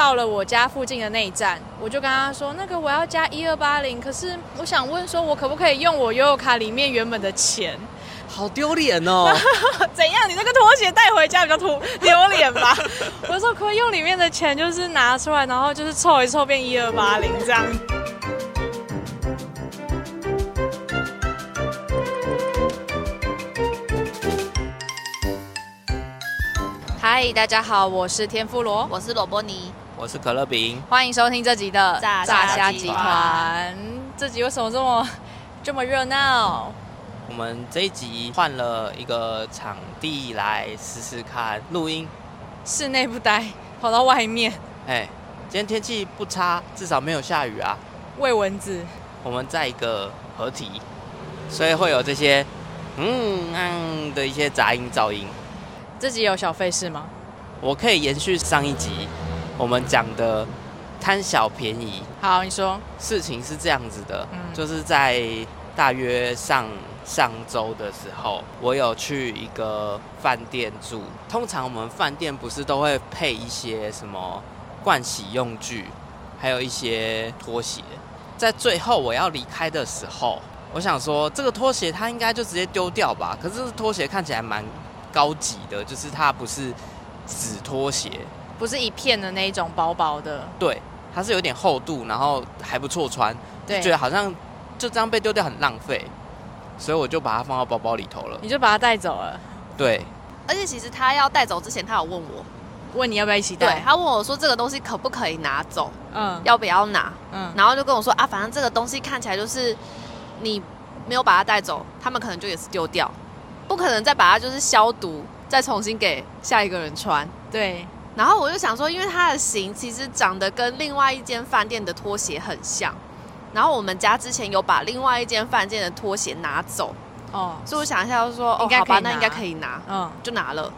到了我家附近的那一站，我就跟他說：“那個我要加一二八零，可是我想問說，我可不可以用我悠遊卡裡面原本的錢？好丟臉哦！怎樣？你那個拖鞋帶回家比較丟丟臉吧？” 我說：“可以用裡面的錢，就是拿出來，然後就是湊一湊變一二八零這樣。”嗨，大家好，我是天婦羅，我是蘿蔔泥。我是可樂餅，歡迎收聽這集的炸蝦集團，炸蝦集團，嗯。這集為什麼這麼這麼熱鬧？我們這一集換了一個場地來試試看錄音，室內不待，跑到外面。哎，今天天氣不差，至少沒有下雨啊。餵蚊子。我們在一個河堤，所以會有這些嗯、嗯的一些雜音噪音。這集有小廢事嗎？我可以延續上一集。嗯我們講的貪小便宜。好，你說事情是這樣子的，嗯、就是在大約上上周的時候，我有去一個飯店住。通常我們飯店不是都會配一些什麼盥洗用具，還有一些拖鞋。在最後我要離開的時候，我想說這個拖鞋它應該就直接丟掉吧？可是拖鞋看起來蠻高級的，就是它不是紙拖鞋。不是一片的那一種薄薄的，對，它是有點厚度，然後還不錯穿，對，就覺得好像就這樣被丟掉很浪費，所以我就把它放到包包裡頭了。你就把它帶走了，對。而且其實他要帶走之前，他有問我，問你要不要一起帶。他問我說這個東西可不可以拿走，嗯，要不要拿，嗯，然後就跟我說啊，反正這個東西看起來就是你沒有把它帶走，他們可能就也是丟掉，不可能再把它就是消毒，再重新給下一個人穿，對。然後我就想說，因為它的形其實長得跟另外一間飯店的拖鞋很像，然後我們家之前有把另外一間飯店的拖鞋拿走，哦，所以我想一下，就說應該可以、哦，那應該可以拿，嗯，就拿了。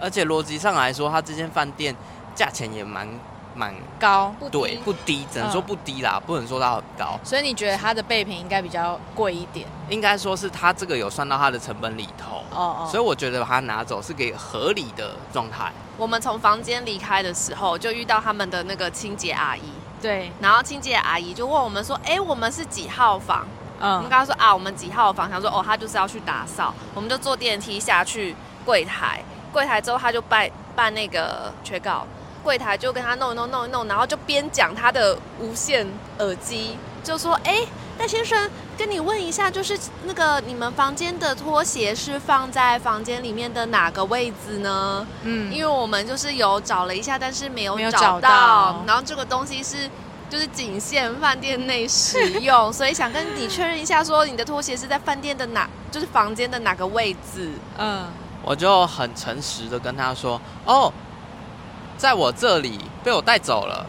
而且邏輯上來說，它這間飯店價錢也蠻。蠻滿 高，對，不低，只能說不低啦，哦、不能說它很高。所以你覺得它的備品應該比較貴一點？應該說是它這個有算到它的成本裡頭。哦哦。哦，所以我覺得把它拿走是給合理的狀態。我們從房間離開的時候，就遇到他們的那個清潔阿姨。對。然後清潔阿姨就問我們說：“哎、欸，我們是幾號房？”嗯。我們剛剛說：“啊，我們幾號房？”想說：“哦，他就是要去打掃。”我們就坐電梯下去櫃台，櫃台之後他就辦辦那個 check out。櫃台就跟他弄一弄弄一弄，然後就邊講他的無線耳機，就說：“哎，戴先生，跟你問一下，就是那個你們房間的拖鞋是放在房間裡面的哪個位置呢？嗯，因為我們就是有找了一下，但是沒有找到。找到然後這個東西是就是僅限飯店內使用，嗯，所以想跟你確認一下，說你的拖鞋是在飯店的哪，就是房間的哪個位置？嗯，我就很誠實的跟他說：哦。”在我這裡被我帶走了，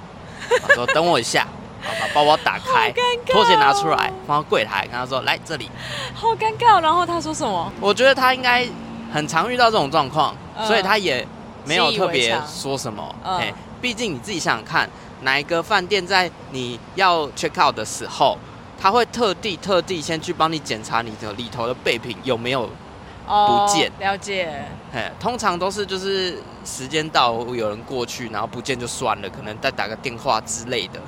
說等我一下， 然後把包包打開，哦、拖鞋拿出來，放到櫃台，跟他說來這裡，好尷尬。然後他說什麼？我覺得他應該很常遇到這種狀況，呃、所以他也沒有特別說什麼。哎，畢、欸、竟你自己想想看，哪一個飯店在你要 check out 的時候，他會特地特地先去幫你檢查你的裡頭的備品有沒有不見，了解。通常都是就是時間到，有人過去，然後不見就算了，可能再打個電話之類的，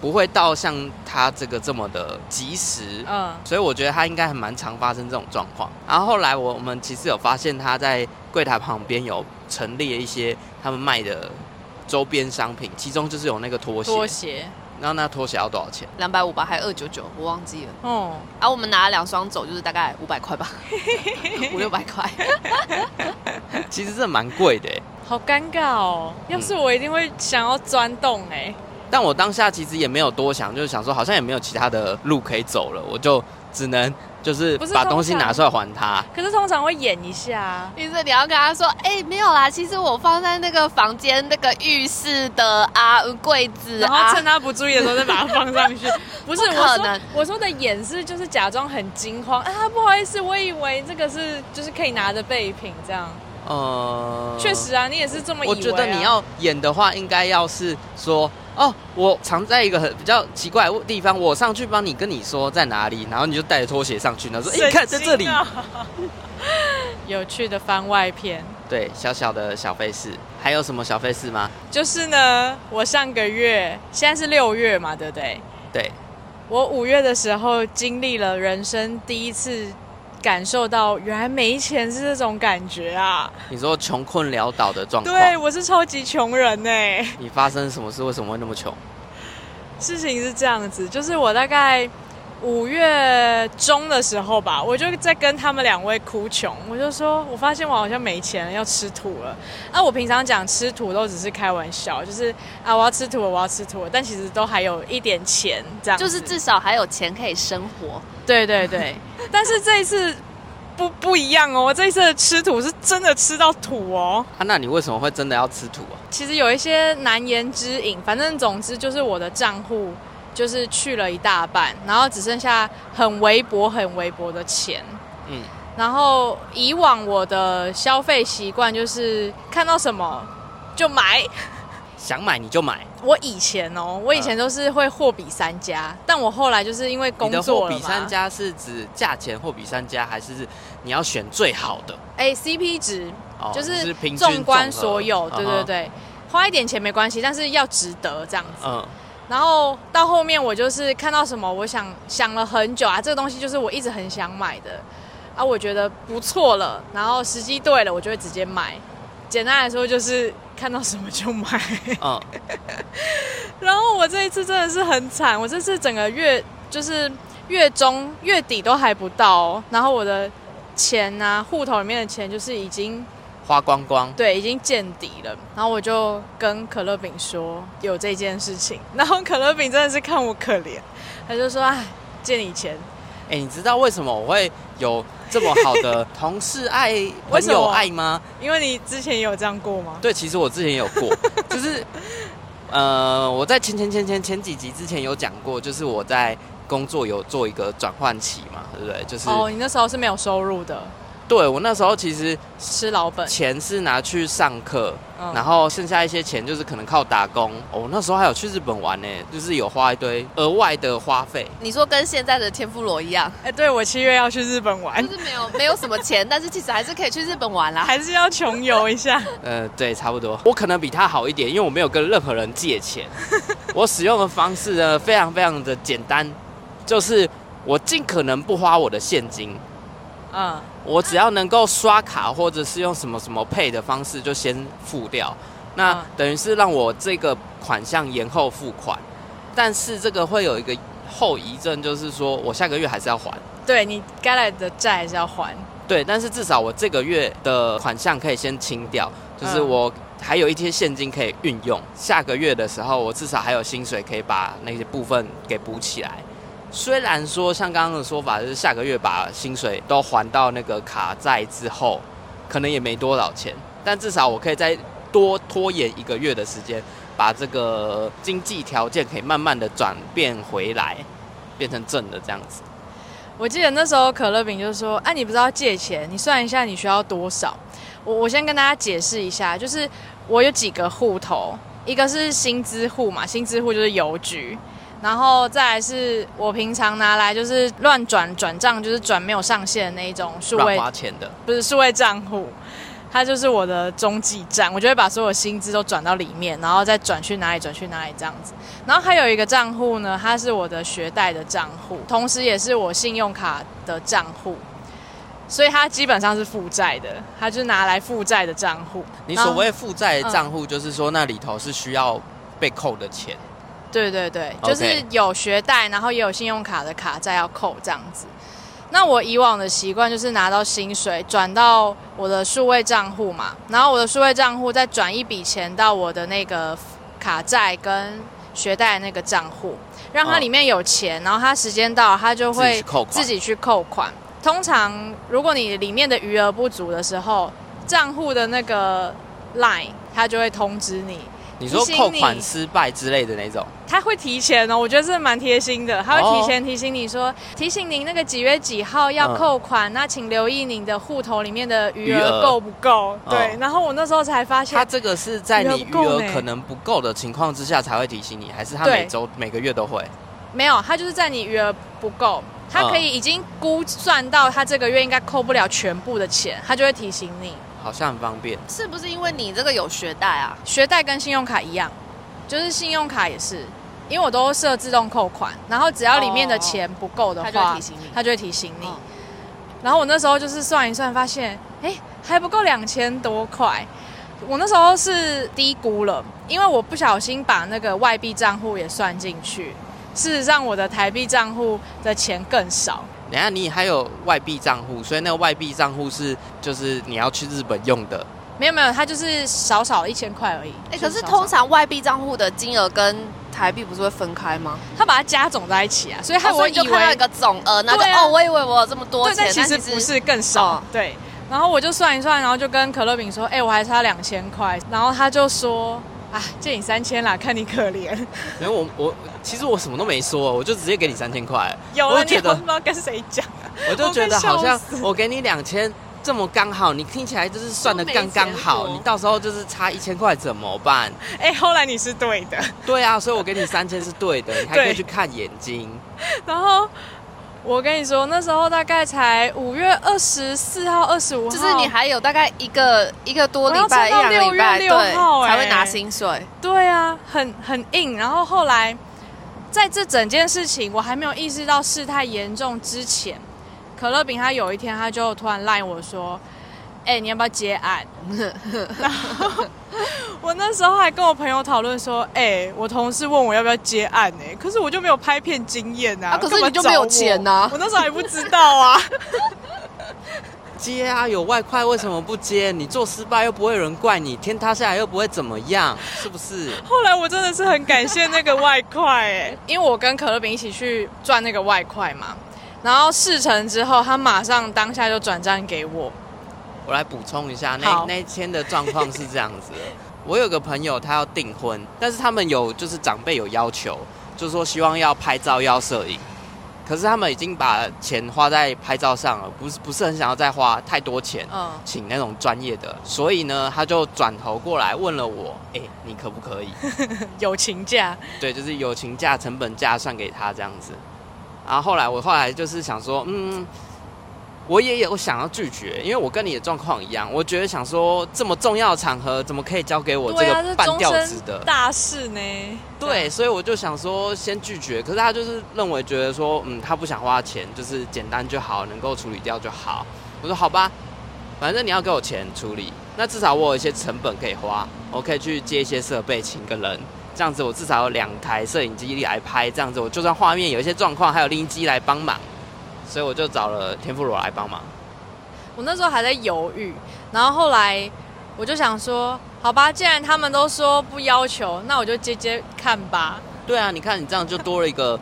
不會到像他這個這麼的及時。嗯，所以我覺得他應該還蠻常發生這種狀況。然後後來我我們其實有發現他在櫃台旁邊有陳列一些他們賣的周邊商品，其中就是有那個拖鞋。拖鞋然後那拖鞋要多少錢？兩百五吧，還是二九九？我忘記了。嗯啊，我們拿了兩雙走，就是大概五百塊吧， 五六百塊。 其實這蠻貴的，好尷尬哦。要是我一定會想要鑽洞，哎、嗯。但我當下其實也沒有多想，就是想說好像也沒有其他的路可以走了，我就只能。就是把東西拿出來還他？是可是通常會演一下，啊，比如說你要跟他說，哎、欸，沒有啦，其實我放在那個房間那個浴室的啊櫃子啊，然後趁他不注意的時候再把它放上去， 不是，我可。可我，我說的演是就是假裝很驚慌啊，不好意思，我以為這個是就是可以拿着備品這樣。哦、呃。確實啊，你也是這麼以為。啊，我覺得你要演的話，應該要是說。哦，我藏在一個很比較奇怪的地方，我上去幫你跟你說在哪裡，然後你就帶着拖鞋上去，然後說：“哎，你看，在這裡。神經啊” 有趣的番外篇。對，小小的小廢事，還有什麼小廢事嗎？就是呢，我上個月，現在是六月嘛，對不對？對。我五月的時候經歷了人生第一次。感受到原來沒錢是這種感覺啊！你說窮困潦倒的狀態，對，我是超級窮人欸！你發生什麼事？為什麼會那麼窮？事情是這樣子，就是我大概。五月中的時候吧，我就在跟他們兩位哭窮，我就說，我發現我好像沒錢了，要吃土了。那、啊、我平常講吃土都只是開玩笑，就是啊，我要吃土了，我要吃土了，但其實都還有一點錢，這樣，就是至少還有錢可以生活。對對對， 但是這一次不不一樣哦，我這一次吃土是真的吃到土哦。啊，那你為什麼會真的要吃土啊？其實有一些難言之隱，反正總之就是我的賬戶。就是去了一大半，然後只剩下很微薄、很微薄的錢。嗯，然後以往我的消費習慣就是看到什麼就買，想買你就買。我以前哦，我以前都是會貨比三家，嗯、但我後來就是因為工作，你的貨比三家是指價錢貨比三家，還是你要選最好的？誒，CP 值，哦、就是縱觀所有，對對對，嗯、花一點錢沒關係，但是要值得這樣子。嗯。然後到後面我就是看到什麼，我想想了很久啊，這個東西就是我一直很想買的，啊，我覺得不錯了，然後時機對了，我就會直接買。簡單來說就是看到什麼就買。哦、oh. 然後我這一次真的是很慘，我這次整個月就是月中月底都還不到、哦，然後我的錢啊，戶頭裡面的錢就是已經。花光光，對，已經見底了。然後我就跟可樂餅說有這件事情，然後可樂餅真的是看我可憐，他就說：“哎，借你錢。”哎、欸，你知道為什麼我會有這麼好的同事愛、 朋友愛嗎？因為你之前也有這樣過嗎？對，其實我之前也有過， 就是呃，我在前前前前前幾，幾集之前有講過，就是我在工作有做一個轉換期嘛，對不對？就是哦，你那時候是沒有收入的。對我那時候其實吃老本，錢是拿去上課，然後剩下一些錢就是可能靠打工。我、嗯哦、那時候還有去日本玩呢，就是有花一堆額外的花費。你說跟現在的天婦羅一樣？哎，對，我七月要去日本玩，就是沒有沒有什麼錢， 但是其實還是可以去日本玩啦，還是要窮遊一下。 呃，對，差不多。我可能比他好一點，因為我沒有跟任何人借錢。 我使用的方式呢，非常非常的簡單，就是我盡可能不花我的現金。嗯。我只要能夠刷卡，或者是用什麼什麼 Pay 的方式，就先付掉。那等於是讓我這個款項延後付款，但是這個會有一個後遺症，就是說我下個月還是要還。對，你該來的債還是要還。對，但是至少我這個月的款項可以先清掉，就是我還有一些現金可以運用。下個月的時候，我至少還有薪水可以把那些部分給補起來。雖然說像剛剛的說法，就是下個月把薪水都還到那個卡債之後，可能也沒多少錢，但至少我可以再多拖延一個月的時間，把這個經濟條件可以慢慢的轉變回來，變成正的這樣子。我記得那時候可樂餅就說：“哎、啊，你不知道借錢，你算一下你需要多少？我”我我先跟大家解釋一下，就是我有幾個戶頭，一個是薪資戶嘛，薪資戶就是郵局。然後再來是我平常拿來就是亂轉轉賬，就是轉沒有上限的那一種數位花錢的，不是數位賬戶，它就是我的中繼站，我就會把所有薪資都轉到裡面，然後再轉去哪裡，轉去哪裡這樣子。然後還有一個賬戶呢，它是我的學貸的賬戶，同時也是我信用卡的賬戶，所以它基本上是負債的，它就是拿來負債的賬戶。你所謂負債的賬戶，後嗯、就是說那裡頭是需要被扣的錢。對對對，Okay. 就是有學貸，然後也有信用卡的卡債要扣這樣子。那我以往的習慣就是拿到薪水轉到我的數位賬戶嘛，然後我的數位賬戶再轉一筆錢到我的那個卡債跟學貸那個賬戶，讓它裡面有錢，oh. 然後它時間到它就會自己去扣款。哦、自己去扣款。通常如果你裡面的餘額不足的時候，賬戶的那個 line 它就會通知你。你說扣款失敗之類的那種，他會提前哦，我覺得是蠻貼心的。他會提前提醒你說，提醒您那個幾月幾號要扣款，嗯、那請留意您的戶頭裡面的餘額夠不夠。兒對，哦、然後我那時候才發現，他這個是在你餘額可能不夠的情況之下才會提醒你，還是他每周對每個月都會？沒有，他就是在你餘額不夠，他可以已經估算到他這個月應該扣不了全部的錢，他就會提醒你。好像很方便，是不是因為你這個有學貸啊？學貸跟信用卡一樣，就是信用卡也是，因為我都設自動扣款，然後只要裡面的錢不夠的話，他就會提醒你。然後我那時候就是算一算，發現哎、欸，還不夠兩千多塊。我那時候是低估了，因為我不小心把那個外幣賬戶也算進去，事實上我的台幣賬戶的錢更少。等下，你還有外幣賬戶，所以那個外幣賬戶是就是你要去日本用的。沒有沒有，它就是少少一千塊而已。哎、就是欸，可是通常外幣賬戶的金額跟台幣不是會分開嗎？他把它加總在一起啊，所以他、哦、就看到，所以以為有一個總額，那就、啊、我以為我有這麼多錢，但其實不是更，更少、哦。對，然後我就算一算，然後就跟可樂餅說：“哎、欸，我還差兩千塊。”然後他就說。啊！借你三千啦，看你可憐。沒有，我，我其實我什麼都沒說，我就直接給你三千塊。有啦我覺得不知道跟誰講、啊、我就覺得好像我給你兩千，這麼剛好，你聽起來就是算得剛剛好，你到時候就是差一千塊怎麼辦？哎、欸，後來你是對的。對啊，所以我給你三千是對的，你還可以去看眼睛。然後。我跟你說，那時候大概才五月二十四號、二十五號，就是你還有大概一個一個多禮拜、六月六號、欸、才會拿薪水。對啊，很很硬。然後後來，在這整件事情我還沒有意識到事態嚴重之前，可樂餅他有一天他就突然賴我說。哎、欸，你要不要接案？ 然後我那時候還跟我朋友討論說，哎、欸，我同事問我要不要接案，欸，哎，可是我就沒有拍片經驗吶、啊，啊、可是我就沒有錢吶、啊，我那時候還不知道啊。 接啊，有外快為什麼不接？你做失敗又不會有人怪你，天塌下來又不會怎麼樣，是不是？後來我真的是很感謝那個外快，欸，哎， 因為我跟可樂餅一起去賺那個外快嘛，然後事成之後，他馬上當下就轉賬給我。我來補充一下，好那那天的狀況是這樣子的，我有個朋友他要訂婚， 但是他們有就是長輩有要求，就是說希望要拍照要攝影，可是他們已經把錢花在拍照上了，不是不是很想要再花太多錢，Oh. 請那種專業的，所以呢，他就轉頭過來問了我，哎、欸，你可不可以友 情價？對，就是友情價、成本價算給他這樣子。然後後來我後來就是想說，嗯。我也有想要拒絕，因為我跟你的狀況一樣，我覺得想說這麼重要的場合，怎麼可以交給我這個半吊子的、啊、大事呢？對，對所以我就想說先拒絕。可是他就是認為覺得說，嗯，他不想花錢，就是簡單就好，能夠處理掉就好。我說好吧，反正你要給我錢處理，那至少我有一些成本可以花，我可以去接一些設備，請個人，這樣子我至少有兩台攝影機來拍，這樣子我就算畫面有一些狀況，還有另一機來幫忙。所以我就找了天婦羅來幫忙。我那時候還在猶豫，然後後來我就想說：“好吧，既然他們都說不要求，那我就接接看吧。”對啊，你看你這樣就多了一個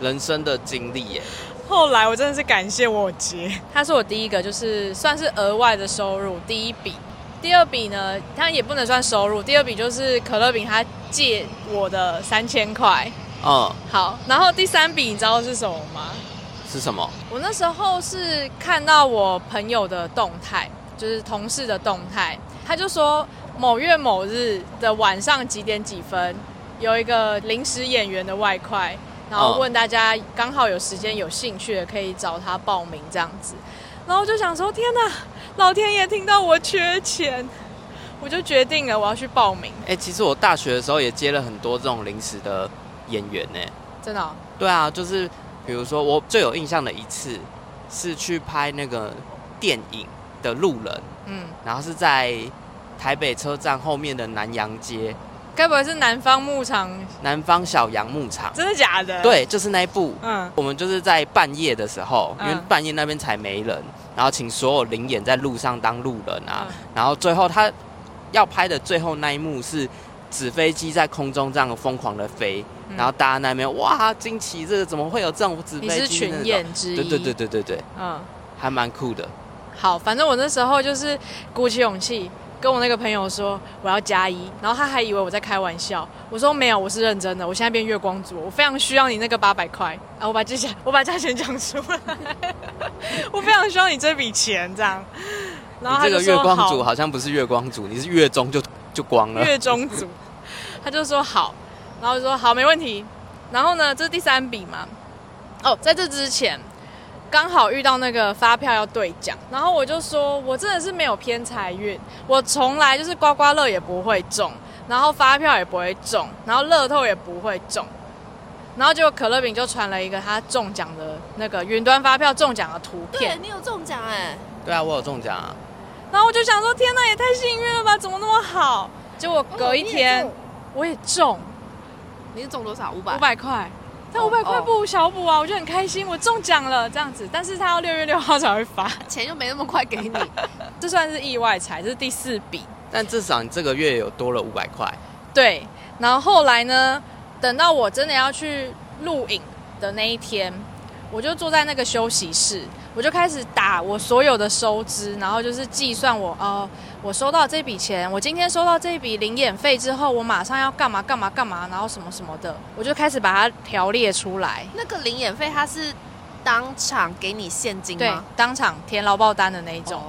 人生的經歷耶。後來我真的是感謝我接，他是我第一個，就是算是額外的收入第一筆。第二筆呢，他也不能算收入，第二筆就是可樂餅他借我的三千塊。嗯，好，然後第三筆你知道是什麼嗎？是什麼？我那時候是看到我朋友的動態，就是同事的動態，他就說某月某日的晚上幾點幾分，有一個臨時演員的外快，然後問大家剛好有時間有興趣的可以找他報名這樣子，然後我就想說天哪，老天爺聽到我缺錢，我就決定了我要去報名。哎、欸，其實我大學的時候也接了很多這種臨時的演員呢，真的哦？對啊，就是。比如說，我最有印象的一次是去拍那個電影的路人，嗯，然後是在台北車站後面的南陽街，該不會是南方牧場？南方小羊牧場？真的假的？對，就是那一部。嗯，我們就是在半夜的時候，因為半夜那邊才沒人，嗯、然後請所有臨演在路上當路人啊。嗯、然後最後他要拍的最後那一幕是紙飛機在空中這樣瘋狂的飛。嗯、然後大家那邊哇驚奇，這個怎麼會有這種紙杯？你是群演之一，對對對對對嗯，還蠻酷的。好，反正我那時候就是鼓起勇氣跟我那個朋友說，我要加一，1, 然後他還以為我在開玩笑。我說沒有，我是認真的。我現在變月光族，我非常需要你那個八百塊。啊，我把借錢，我把價錢講出來， 我非常需要你這筆錢，這樣。然後他說，這個月光族好像不是月光族，好你是月中就就光了，月中族。他就說好。然後我就說好，沒問題。然後呢，這是第三筆嘛？哦，在這之前剛好遇到那個發票要兌獎，然後我就說，我真的是沒有偏財運，我從來就是刮刮樂也不會中，然後發票也不會中，然後樂透也不會中。然後結果可樂餅就傳了一個他中獎的那個雲端發票中獎的圖片。對，你有中獎哎？對啊，我有中獎啊。然後我就想說，天哪，也太幸運了吧？怎麼那麼好？結果隔一天，哦，我也中。你是中多少？五百五百塊，但五百塊不如小補啊！Oh, oh. 我就很開心，我中獎了這樣子。但是他要六月六號才會發 錢，又沒那麼快給你。 這算是意外財這是第四筆。但至少你這個月有多了五百塊。對，然後後來呢？等到我真的要去錄影的那一天，我就坐在那個休息室。我就開始打我所有的收支，然後就是計算我，呃，我收到這筆錢，我今天收到這筆臨演費之後，我馬上要幹嘛幹嘛幹嘛，然後什麼什麼的，我就開始把它條列出來。那個臨演費它是當場給你現金嗎？對，當場填勞報單的那一種，哦、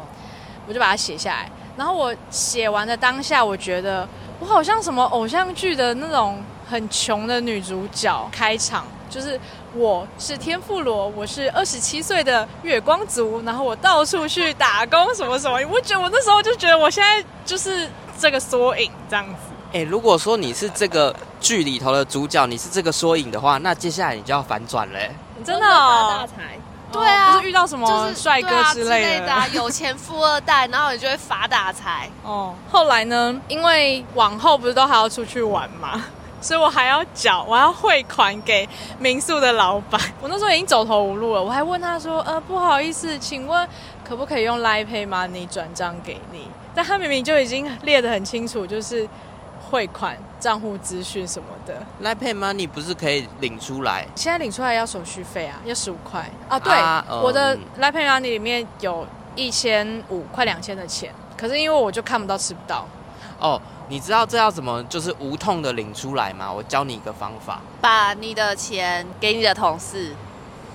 我就把它寫下來。然後我寫完的當下，我覺得我好像什麼偶像劇的那種很窮的女主角開場，就是。我是天婦羅，我是二十七歲的月光族，然後我到處去打工什麼什麼。我覺得我那時候就覺得，我現在就是這個縮影這樣子。哎、欸，如果說你是這個劇裡頭的主角，你是這個縮影的話，那接下來你就要反轉嘞、欸。你真的發、哦、大財？對啊、哦，不是遇到什麼帥哥之類的，、就是啊之類的啊，有錢富二代，然後你就會發大財。哦，後來呢？因為往後不是都還要出去玩嘛。嗯所以我還要繳，我要匯款給民宿的老板。我那時候已經走投無路了，我還問他說：“呃，不好意思，請問可不可以用 LINE Pay Money 轉賬給你？”但他明明就已經列得很清楚，就是匯款賬戶資訊什麼的。LINE Pay Money 不是可以領出來？現在領出來要手續費啊，要十五塊啊？對，啊嗯、我的 LINE Pay Money 裡面有一千五快兩千的錢，可是因為我就看不到、吃不到。哦。你知道這要怎麼就是無痛的領出來嗎？我教你一個方法，把你的錢給你的同事。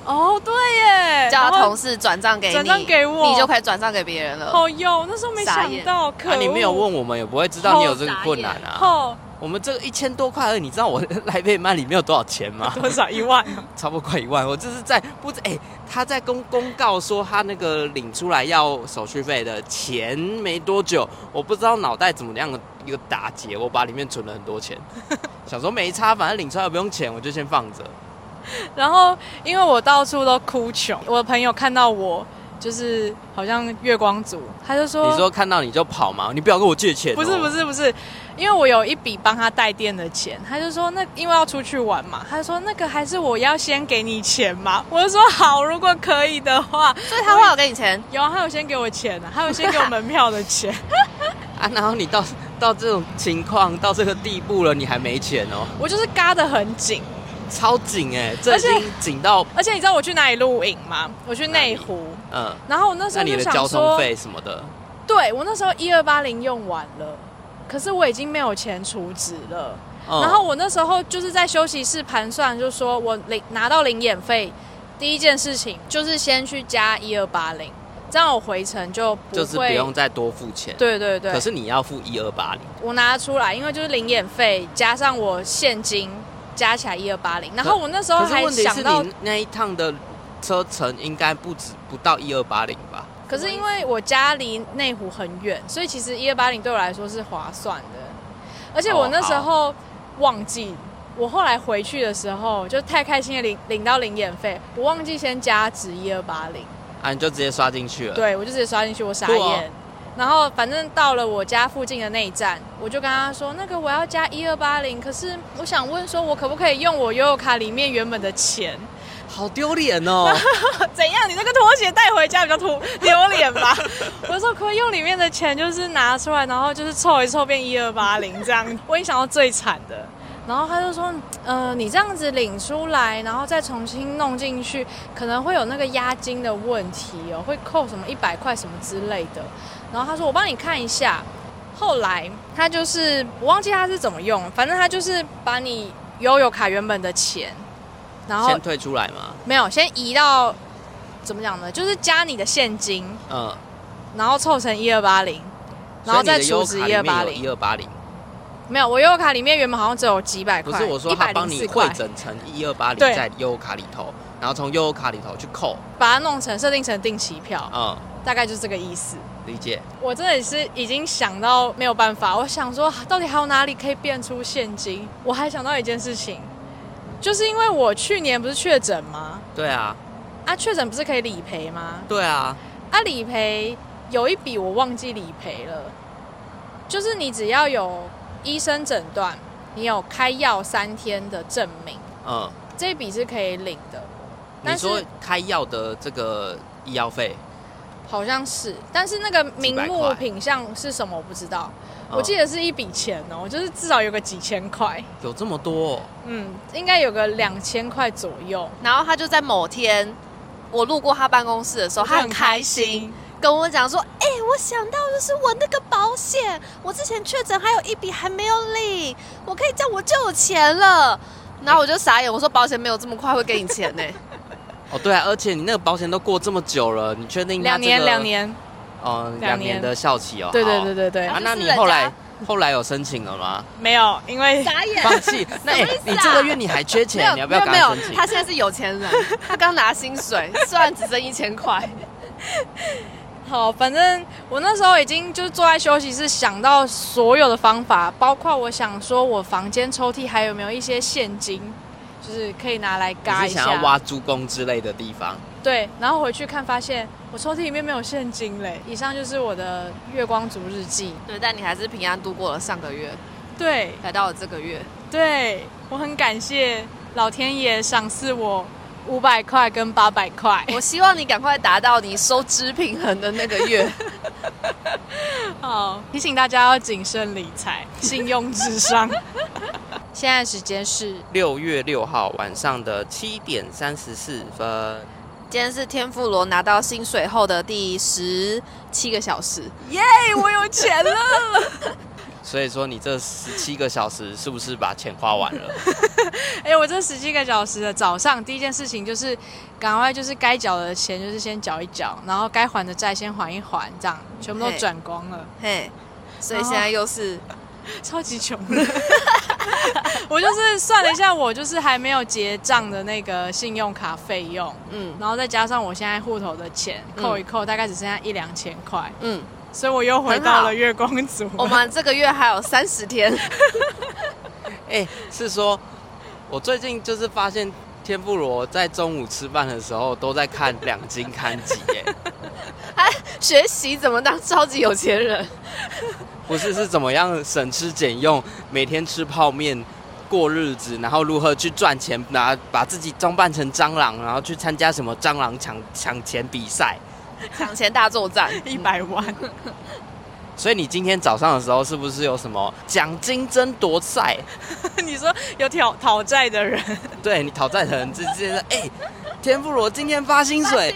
哦，對耶，叫他同事轉賬給你，轉賬給我，你就可以轉賬給別人了。哦，喲那時候沒想到，眼可惡、啊、你沒有問我們，也不會知道你有這個困難啊。我們這個一千多塊而已，你知道我來杯麥裡面有多少錢嗎？多少一萬、啊？ 差不多快一萬。我就是在不知哎、欸，他在公公告說他那個領出來要手續費的錢沒多久，我不知道腦袋怎麼樣的。一個打劫，我把裡面存了很多錢， 想說沒差，反正領出來不用錢，我就先放着。然後因為我到處都哭窮，我的朋友看到我就是好像月光族，他就說：“你說看到你就跑嘛，你不要跟我借錢、喔。”不是不是不是，因為我有一筆幫他代墊的錢，他就說那因為要出去玩嘛，他就說那個還是我要先給你錢嘛，我就說好，如果可以的話，所以他會我有給你錢，有、啊、他有先給我錢、啊，他有先給我門票的錢啊，然後你到。到這種情況，到這個地步了，你還沒錢哦？我就是嘎的很緊，超緊哎、欸，這已經緊到……而且你知道我去哪裡錄影嗎？我去內湖，嗯，然後我那時候就想說，那你的交通費什麼的。對，我那時候一二八零用完了，可是我已經沒有錢儲值了。嗯、然後我那時候就是在休息室盤算，就是說我領拿到臨演費，第一件事情就是先去加一二八零。這樣我回程就不就是不用再多付錢。對對對。可是你要付一二八零。我拿出來，因為就是領演費加上我現金加起來一二八零。然後我那時候還想到那一趟的車程應該不止不到一二八零吧？可是因為我家離內湖很遠，所以其實一二八零對我來說是划算的。而且我那時候忘記，oh, oh. 我後來回去的時候就太開心的領領到領演費，我忘記先加值一二八零。啊！你就直接刷進去了。對，我就直接刷進去，我傻眼。哦、然後反正到了我家附近的那一站，我就跟他說：“那個我要加一二八零，可是我想問說，我可不可以用我悠遊卡裡面原本的錢？”好丟臉哦！怎樣？你那個拖鞋帶回家比較土，丟臉吧？ 我就說可,可以用裡面的錢，就是拿出來，然後就是湊一湊變一二八零這樣。 我一想到最慘的。然後他就說，呃，你這樣子領出來，然後再重新弄進去，可能會有那個押金的問題哦，會扣什麼一百塊什麼之類的。然後他說，我幫你看一下。後來他就是，我忘記他是怎麼用，反正他就是把你悠遊卡原本的錢，然後先退出來嗎？沒有，先移到，怎麼講呢？就是加你的現金，嗯，然後湊成一二八零，然後再充值一二八零。沒有，我優卡裡面原本好像只有幾百塊，不是我說塊他幫你彙整成一二八零在優卡裡頭，然後從優卡裡頭去扣，把它弄成設定成定期票，嗯，大概就是這個意思，理解。我真的是已經想到沒有辦法，我想說到底還有哪裡可以變出現金？我還想到一件事情，就是因為我去年不是確診嗎？對啊，啊確診不是可以理賠嗎？對啊，啊理賠有一筆我忘記理賠了，就是你只要有。醫生診斷，你有開藥三天的證明，嗯，這筆是可以領的。但是你說開藥的這個醫藥費，好像是，但是那個名目品項，是什麼我不知道，我記得是一筆錢哦、喔，嗯、就是至少有個幾千塊，有這麼多、哦？嗯，應該有個兩千塊左右。然後他就在某天，我路過他辦公室的時候，他很開心。 跟我講說，哎，我想到就是我那個保險，我之前確診還有一筆還沒有領，我可以這樣我就有錢了。然後我就傻眼，我說保險沒有這麼快會給你錢呢。哦，對啊，而且你那個保險都過這麼久了，你確定兩年？兩年？哦，兩年的效期哦。對對對對對。啊，那你後來後來有申請了嗎？沒有，因為傻眼放棄。那哎，你這個月你還缺錢，你要不要趕緊申請？沒有，他現在是有錢人，他剛拿薪水，雖然只剩一千塊。好，反正我那時候已經就是坐在休息室，想到所有的方法，包括我想說我房間抽屜還有沒有一些現金，就是可以拿來嘎一下，是想要挖豬公之類的地方。對，然後回去看，發現我抽屜裡面沒有現金嘞。以上就是我的月光族日記。對，但你還是平安度過了上個月，對，來到了這個月，對，我很感謝老天爺賞賜我。五百塊跟八百塊，我希望你趕快達到你收支平衡的那個月。 好，提醒大家要謹慎理財，信用至上。 現在時間是六月六號晚上的七點三十四分，今天是天婦羅拿到薪水後的第十七個小時。耶、yeah，我有錢了！ 所以說你這十七個小時是不是把錢花完了？哎， 欸、我這十七個小時的早上第一件事情就是，趕快就是該繳的錢就是先繳一繳，然後該還的債先還一還，這樣全部都轉光了。嘿，所以現在又是超級窮了。我就是算了一下，我就是還沒有結賬的那個信用卡費用，嗯，然後再加上我現在戶頭的錢扣一扣，大概只剩下一兩千塊，嗯。所以我又回到了月光族好。 我們這個月還有三十天。哎、 欸，是說，我最近就是發現天婦羅在中午吃飯的時候都在看兩津勘吉。哎。哎，學習怎麼當超級有錢人？ 不是，是怎麼樣省吃儉用，每天吃泡麵過日子，然後如何去賺錢？拿把自己裝扮成蟑螂，然後去參加什麼蟑螂搶搶錢比賽？搶錢大作戰一百、嗯、萬， 所以你今天早上的時候是不是有什麼獎金爭奪賽？ 你說有挑討債的人， 對你討債的人直接說：“哎、欸，天婦羅今天發薪水，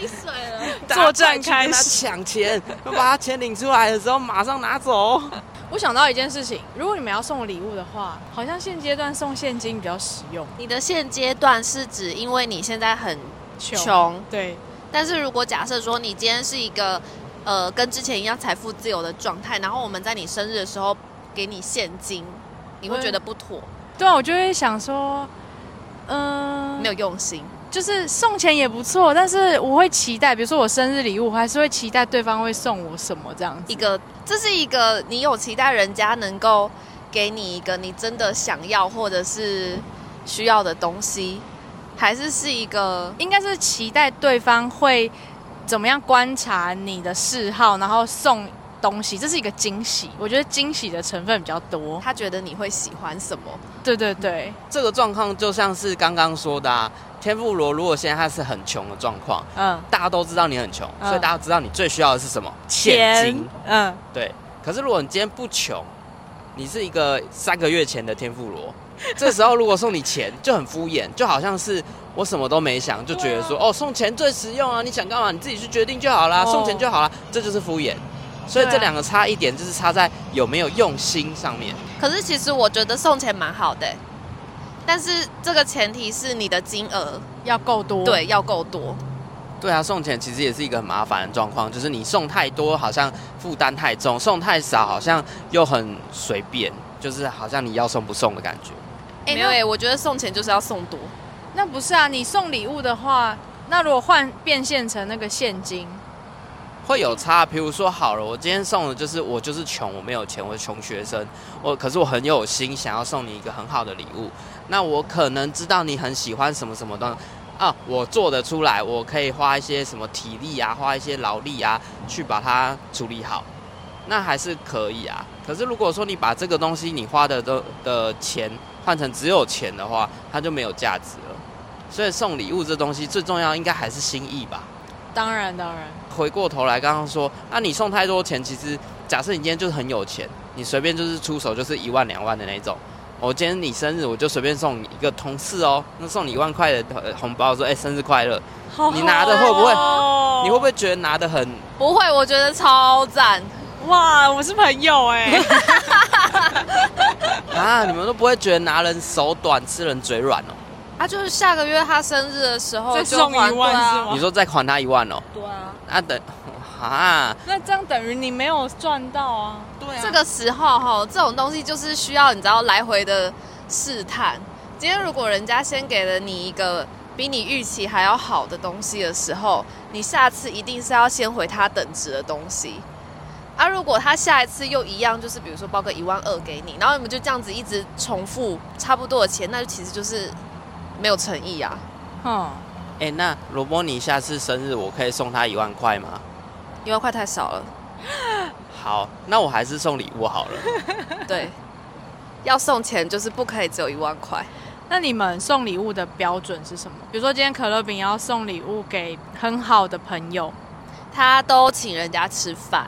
作戰快開始搶錢前， 把他錢領出來的時候馬上拿走。”我想到一件事情，如果你們要送禮物的話，好像現階段送現金比較實用。你的現階段是指因為你現在很窮，對？但是如果假設說你今天是一個，呃，跟之前一樣財富自由的狀態，然後我們在你生日的時候給你現金，你會覺得不妥？嗯、對啊，我就會想說，嗯、呃，沒有用心，就是送錢也不錯，但是我會期待，比如說我生日禮物，我還是會期待對方會送我什麼這樣子。一個，這是一個你有期待人家能夠給你一個你真的想要或者是需要的東西。還是是一個，應該是期待對方會怎麼樣觀察你的嗜好，然後送東西，這是一個驚喜。我覺得驚喜的成分比較多。他覺得你會喜歡什麼？對對對。嗯、這個狀況就像是剛剛說的，啊。天婦羅，如果現在他是很窮的狀況，嗯，大家都知道你很窮，所以大家知道你最需要的是什麼？現金、嗯金。嗯，對。可是如果你今天不窮，你是一個三個月前的天婦羅。 這時候如果送你錢就很敷衍，就好像是我什麼都沒想，就覺得說、啊、哦送錢最實用啊，你想幹嘛你自己去決定就好啦。Oh. 送錢就好了，這就是敷衍。所以這兩個差一點就是差在有沒有用心上面。啊、可是其實我覺得送錢蠻好的，但是這個前提是你的金額要夠多，對，要夠多。對啊，送錢其實也是一個很麻煩的狀況，就是你送太多好像負擔太重，送太少好像又很隨便，就是好像你要送不送的感覺。欸、沒有、欸、我覺得送錢就是要送多。那不是啊，你送禮物的話，那如果換變現成那個現金，會有差。比如說，好了，我今天送的就是我就是窮，我沒有錢，我是窮學生，我可是我很有心，想要送你一個很好的禮物。那我可能知道你很喜歡什麼什麼東西啊，我做得出來，我可以花一些什麼體力啊，花一些勞力啊，去把它處理好，那還是可以啊。可是如果說你把這個東西，你花的都的錢。換成只有錢的話，它就沒有價值了。所以送禮物這東西最重要，應該還是心意吧。當然，當然。回過頭來剛剛說，那、啊、你送太多錢，其實假設你今天就是很有錢，你隨便就是出手就是一萬兩萬的那種。我、哦、今天你生日，我就隨便送你一個同事哦，那送你一萬塊的紅包說，說、欸、哎生日快樂。哦、你拿的會不會？你會不會覺得拿的很？不會，我覺得超讚。哇，我是朋友哎、欸。 啊！你們都不會覺得拿人手短、吃人嘴軟哦。啊，就是下個月他生日的時候，再送一萬是嗎？啊、你說再款他一萬哦。對啊。啊，等，啊。那這樣等於你沒有賺到啊。對啊。這個時候哈、哦，這種東西就是需要你知道來回的試探。今天如果人家先給了你一個比你預期還要好的東西的時候，你下次一定是要先回他等值的東西。那、啊、如果他下一次又一樣，就是比如說包個一萬二給你，然後你們就這樣子一直重複差不多的錢，那就其實就是沒有誠意啊。嗯，哎、欸，那羅波你下次生日我可以送他一萬塊嗎？一萬塊太少了。 好，那我還是送禮物好了。對，要送錢就是不可以只有一萬塊。那你們送禮物的標準是什麼？比如說今天可樂餅要送禮物給很好的朋友，他都請人家吃飯。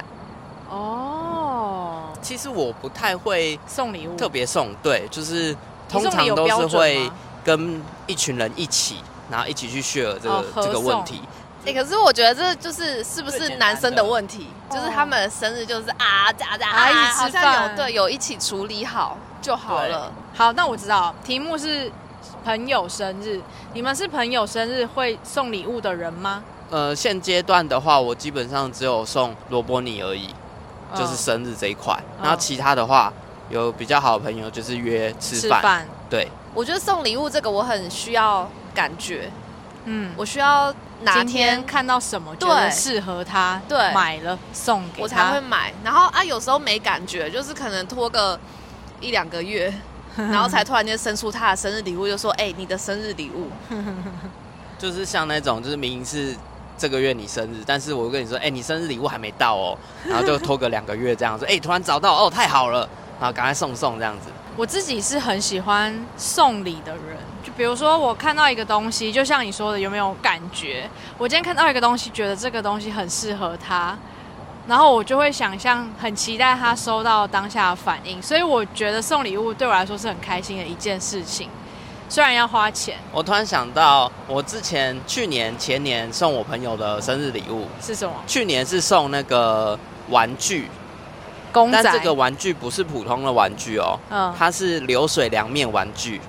哦，oh, 其實我不太會送禮物，特別送對，就是通常都是會跟一群人一起，然後一起去 share 這個、哦、這個問題。哎、欸，可是我覺得這就是是不是男生的問題，就是他們生日就是啊，這樣這啊阿姨吃飯，啊、對，有一起處理好就好了。對好，那我知道題目是朋友生日，你們是朋友生日會送禮物的人嗎？呃，現階段的話，我基本上只有送蘿蔔泥而已。就是生日這一塊，oh, 然後其他的話、oh. 有比較好的朋友就是約吃飯，吃飯對。我覺得送禮物這個我很需要感覺，嗯，我需要哪天,今天看到什麼就很適合他，對，對買了送給他。我才會買，然後啊，有時候沒感覺，就是可能拖個一兩個月，然後才突然間生出他的生日禮物，就說：“哎、欸，你的生日禮物。” 就是像那種，就是明明是。這個月你生日，但是我跟你說，哎，你生日禮物還沒到哦，然後就拖個兩個月，這樣子，哎，突然找到，哦，太好了，然後趕快送送這樣子。我自己是很喜歡送禮的人，就比如說我看到一個東西，就像你說的，有沒有感覺？我今天看到一個東西，覺得這個東西很適合他，然後我就會想象，很期待他收到當下的反應，所以我覺得送禮物對我來說是很開心的一件事情。雖然要花錢，我突然想到，我之前去年前年送我朋友的生日禮物是什麼？去年是送那個玩具公仔，但這個玩具不是普通的玩具哦，嗯，它是流水涼麵玩具，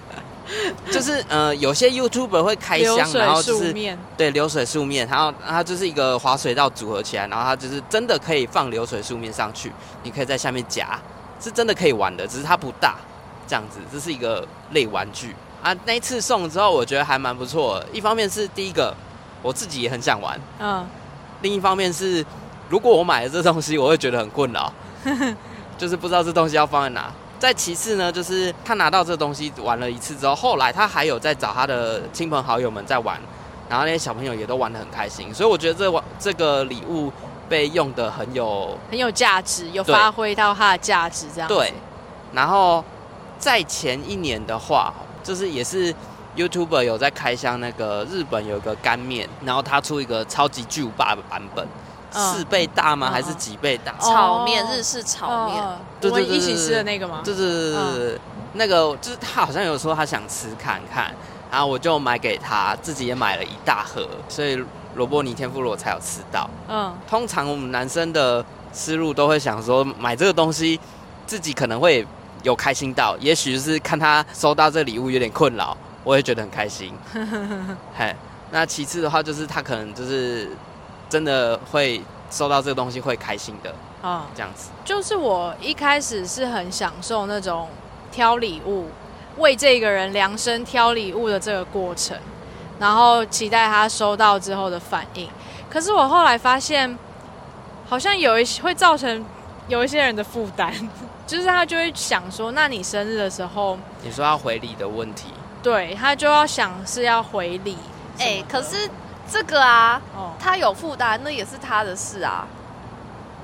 就是呃，有些 YouTuber 會開箱，然後就是對流水素麵，然後它就是一個滑水道組合起來，然後它就是真的可以放流水素麵上去，你可以在下面夾，是真的可以玩的，只是它不大。這樣子，這是一個類玩具啊。那一次送了之後，我覺得還蠻不錯。一方面是第一個，我自己也很想玩，嗯。另一方面是，如果我買了這東西，我會覺得很困擾， 就是不知道這東西要放在哪。再其次呢，就是他拿到這東西玩了一次之後，後來他還有在找他的親朋好友們在玩，然後那些小朋友也都玩得很開心。所以我覺得這這個禮物被用得很有很有價值，有發揮到它的價值，這樣子。對，然後。在前一年的話，就是也是 YouTuber 有在開箱那個日本有一個乾面，然後他出一個超級巨無霸的版本，嗯、四倍大嗎？嗯、還是幾倍大？炒麵，哦、日式炒麵，我們一起吃的那個嗎？就是、嗯、那個，就是他好像有說他想吃看看，然後我就買給他，自己也買了一大盒，所以羅伯尼天婦羅才有吃到。嗯，通常我們男生的思路都會想說，買這個東西自己可能會。有開心到，也許是看他收到這禮物有點困擾，我也覺得很開心。嘿， hey, 那其次的話就是他可能就是真的會收到這個東西會開心的啊，哦、這樣子。就是我一開始是很享受那種挑禮物、為這個人量身挑禮物的這個過程，然後期待他收到之後的反應。可是我後來發現，好像有一些會造成有一些人的負擔。就是他就會想說，那你生日的時候，你說要回禮的問題，對，他就要想是要回禮，哎、欸，可是這個啊，哦，他有負擔，那也是他的事啊，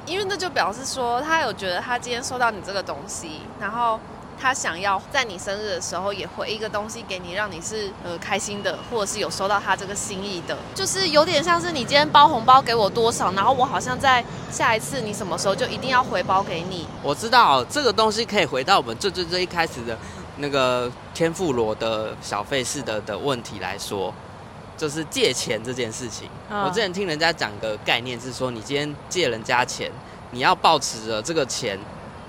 因為那就表示說，他有覺得他今天收到你這個東西，然後。他想要在你生日的時候也回一個東西給你，讓你是呃開心的，或者是有收到他這個心意的，就是有點像是你今天包紅包給我多少，然後我好像在下一次你什麼時候就一定要回包給你。我知道這個東西可以回到我們最最最一開始的那個天婦羅的小廢事的的問題來說，就是借錢這件事情。啊。我之前聽人家講個概念是說，你今天借人家錢，你要抱持着這個錢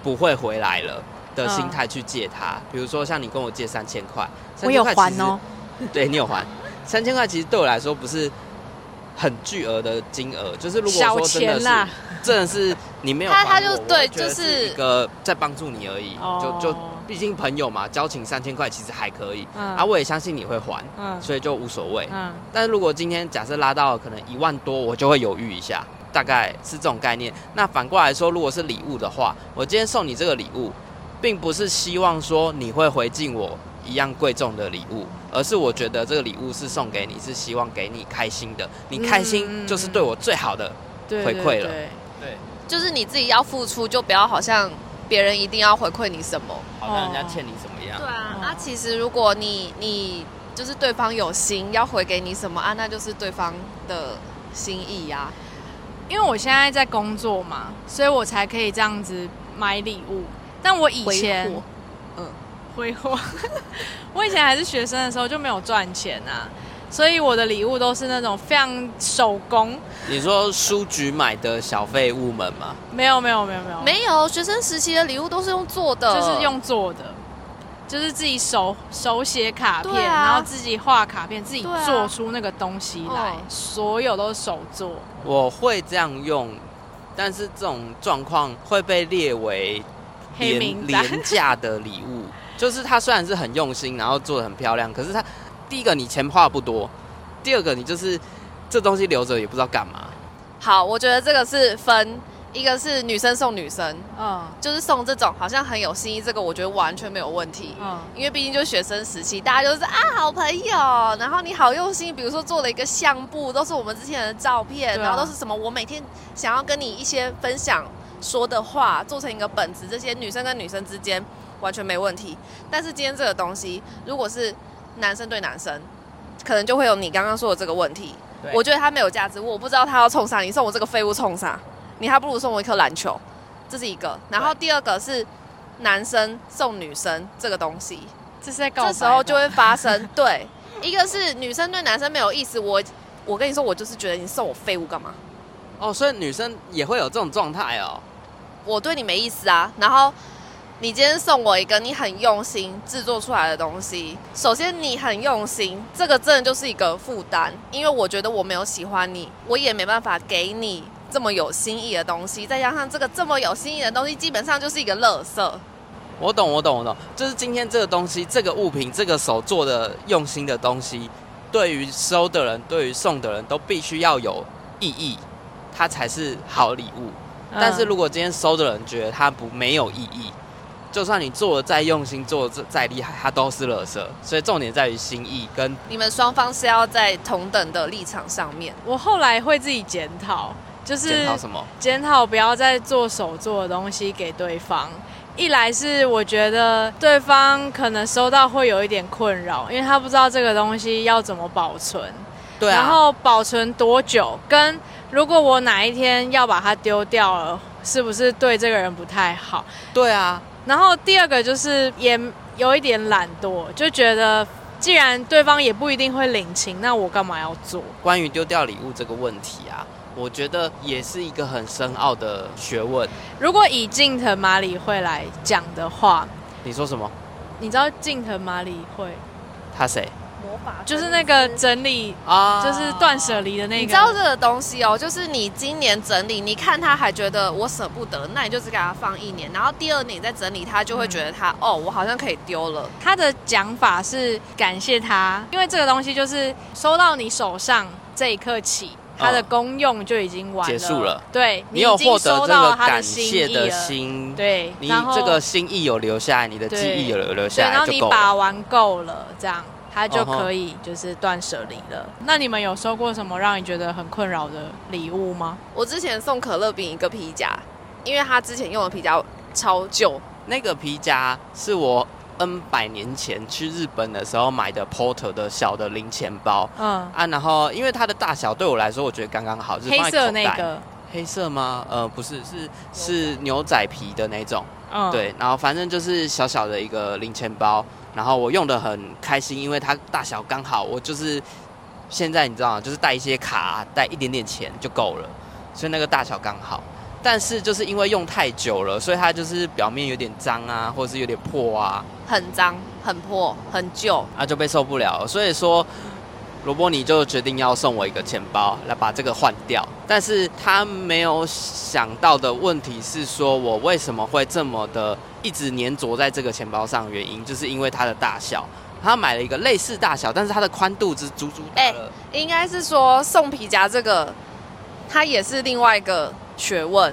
不會回來了。的心態去借他，嗯、比如說像你跟我借三千塊，我有還哦、三千塊其實 對你有還，三千塊其實對我來說不是很巨額的金額，就是如果說真的是真的是你沒有我，他他就對，就是一個在幫助你而已，哦、就就畢竟朋友嘛，交情三千塊其實還可以，嗯、啊，我也相信你會還，嗯、所以就無所謂。嗯嗯、但是如果今天假設拉到了可能一萬多，我就會猶豫一下，大概是這種概念。那反過來說，如果是禮物的話，我今天送你這個禮物。並不是希望說你會回敬我一樣貴重的禮物，而是我覺得這個禮物是送給你，是希望給你開心的。你開心就是對我最好的回饋了。嗯、對，對，對，對就是你自己要付出，就不要好像別人一定要回饋你什麼，好像人家欠你什麼一樣，哦。對啊，那、哦啊、其實如果你你就是對方有心要回給你什麼啊，那就是對方的心意呀，啊。因為我現在在工作嘛，所以我才可以這樣子買禮物。但我以前，惑嗯，揮霍。 我以前還是學生的時候就沒有賺錢啊，所以我的禮物都是那種非常手工。你說書局買的小廢物們嗎？ 沒有，沒有，沒有，沒有，沒有。學生時期的禮物都是用做的，就是用做的，就是自己手手寫卡片，啊、然後自己畫卡片，自己做出那個東西來，啊、所有都是手做。我會這樣用，但是這種狀況會被列為。廉廉價的禮物， 就是它雖然是很用心，然後做得很漂亮，可是它第一個你錢花不多，第二個你就是這東西留着也不知道幹嘛。好，我覺得這個是分，一個是女生送女生，嗯，就是送這種好像很有心意，這個我覺得完全沒有問題，嗯，因為畢竟就是學生時期，大家就是啊好朋友，然後你好用心，比如說做了一個相簿，都是我們之前的照片，啊、然後都是什麼我每天想要跟你一些分享。說的話做成一個本子，這些女生跟女生之間完全沒問題。但是今天這個東西，如果是男生對男生，可能就會有你剛剛說的這個問題。對我覺得他沒有價值，我不知道他要衝啥。你送我這個廢物衝啥？你還不如送我一顆籃球。這是一個。然後第二個是男生送女生這個東西，這是在告白嗎？這時候就會發生。對，一個是女生對男生沒有意思，我我跟你說，我就是覺得你送我廢物幹嘛？哦，所以女生也會有這種狀態哦。我對你沒意思啊，然後你今天送我一個你很用心制作出來的東西。首先你很用心，這個真的就是一個負擔，因為我覺得我沒有喜歡你，我也沒辦法給你這麼有心意的東西。再加上這個這麼有心意的東西，基本上就是一個垃圾。我懂，我懂，我懂，就是今天這個東西，這個物品，這個手做的用心的東西，對於收的人，對於送的人都必須要有意義，它才是好禮物。但是如果今天收的人覺得他不沒有意義，就算你做的再用心，做的再厲害，他都是垃圾。所以重點在於心意跟你們雙方是要在同等的立場上面。嗯、我後來會自己檢討，就是檢討什麼？檢討不要再做手做的東西給對方。一來是我覺得對方可能收到會有一點困擾，因為他不知道這個東西要怎麼保存。對，然後保存多久？跟如果我哪一天要把它丟掉了，是不是對這個人不太好？對啊。然後第二個就是也有一點懶惰，就覺得既然對方也不一定會領情，那我幹嘛要做？關於丟掉禮物這個問題啊，我覺得也是一個很深奧的學問。如果以近藤麻理惠來講的話，你說什麼？你知道近藤麻理惠？他誰？魔法就是那個整理啊，哦、就是斷舍離的那個。你知道這個東西哦、喔，就是你今年整理，你看他還覺得我舍不得，那你就只給他放一年，然後第二年再整理，他就會覺得他、嗯、哦，我好像可以丟了。他的講法是感謝他，因為這個東西就是收到你手上這一刻起，它、哦、的功用就已經完了，結束了。對，你已經收到他的心意了。謝的心對，你這個心意有留下來，你的記憶有留下來，對對，然後你把玩夠了，這樣。他就可以就是斷捨離了。Uh huh. 那你們有收過什麼讓你覺得很困擾的禮物嗎？我之前送可樂餅一個皮夾，因為他之前用的皮夾超舊。那個皮夾是我 N 百年前去日本的時候買的 Porter 的小的零錢包。嗯、uh, 啊，然後因為它的大小對我來說，我覺得剛剛好，就是黑色那個。黑色嗎？呃，不是，是是牛仔皮的那種。嗯的，對，然後反正就是小小的一個零錢包，然後我用得很開心，因為它大小剛好，我就是現在你知道就是帶一些卡，帶一點點錢就夠了，所以那個大小剛好。但是就是因為用太久了，所以它就是表面有點髒啊，或者是有點破啊。很髒，很破，很舊啊，就被受不了。所以說。羅伯尼就決定要送我一個錢包來把這個換掉，但是他沒有想到的問題是說，我為什麼會這麼的一直粘着在這個錢包上？原因就是因為它的大小。他買了一個類似大小，但是它的寬度是足足大了哎、欸，應該是說送皮夾這個，它也是另外一個學問，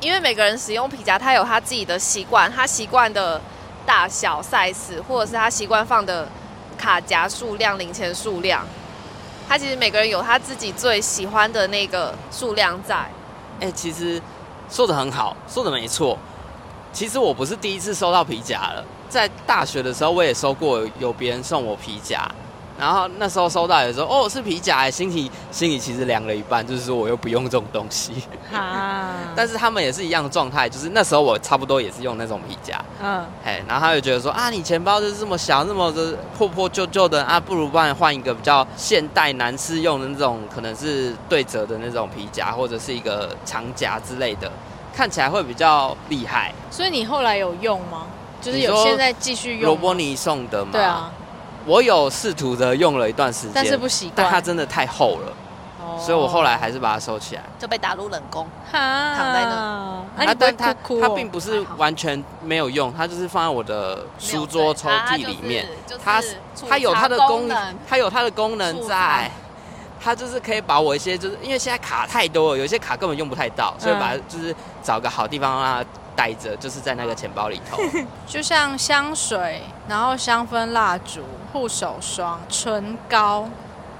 因為每個人使用皮夾，他有他自己的習慣，他習慣的大小 size，或者是他習慣放的卡夾數量、零錢數量。他其實每個人有他自己最喜歡的那個數量在。哎、欸，其實說得很好，說得沒錯。其實我不是第一次收到皮夾了，在大學的時候我也收過，有別人送我皮夾。然後那時候收到的時候，也說哦，是皮夾，心裡心裡其實涼了一半，就是說我又不用這種東西。啊哈！但是他們也是一樣的狀態，就是那時候我差不多也是用那種皮夾。嗯嘿。然後他又覺得說啊，你錢包就是這麼小，那麼的破破舊舊的啊，不如幫你換一個比較現代男士用的那種，可能是對折的那種皮夾，或者是一個長夾之類的，看起來會比較厲害。所以你後來有用嗎？就是有現在繼續用？羅伯尼送的嗎？對啊。我有試圖的用了一段時間，但是不習慣，但它真的太厚了，哦、所以我後來還是把它收起來，就被打入冷宮，好躺在那、啊哭哭哦它。它但它並不是完全沒有用，它就是放在我的書桌抽屜裡面，啊、它、就是就是、它有它的功能，它有它的功能在，長它就是可以把我一些就是因為現在卡太多了，有一些卡根本用不太到，所以把它就是找個好地方讓它待著，就是在那個錢包裡頭，就像香水，然後香氛蠟燭。護手霜、唇膏，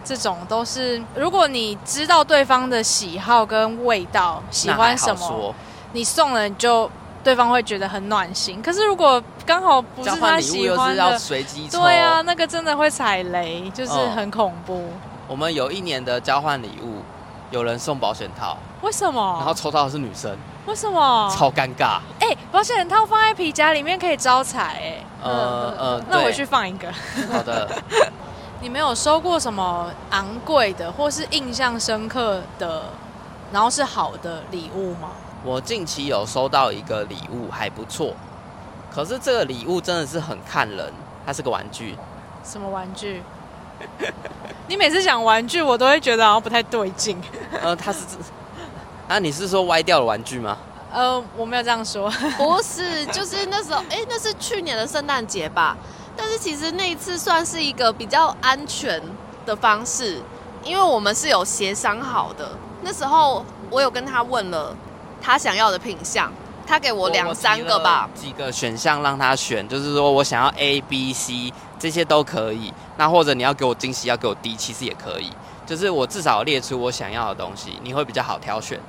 這種都是，如果你知道對方的喜好跟味道，喜歡什麼，你送了你就對方會覺得很暖心。可是如果剛好不是他喜歡的，交換禮物又是要隨機抽，對啊，那個真的會踩雷，就是很恐怖。嗯、我們有一年的交換禮物，有人送保險套，為什麼？然後抽到的是女生。為什麼？超尷尬！哎、欸，保險套放在皮夾裡面可以招財，哎、欸。呃呃，那我去放一個。好的。 你沒有收過什麼昂貴的，或是印象深刻的，然後是好的禮物嗎？我近期有收到一個禮物，還不錯。可是這個禮物真的是很看人，它是個玩具。什麼玩具？ 你每次講玩具，我都會覺得好像不太對勁。呃，它是。 那、啊、你是說歪掉的玩具嗎？呃，我沒有這樣說，不是，就是那時候，哎、欸，那是去年的聖誕節吧。但是其實那一次算是一個比較安全的方式，因為我們是有協商好的。那時候我有跟他問了他想要的品項，他給我兩三個吧，我我幾個選項讓他選，就是說我想要 A、B、C 這些都可以，那或者你要給我驚喜，要給我 D，其實也可以，就是我至少列出我想要的東西，你會比較好挑選。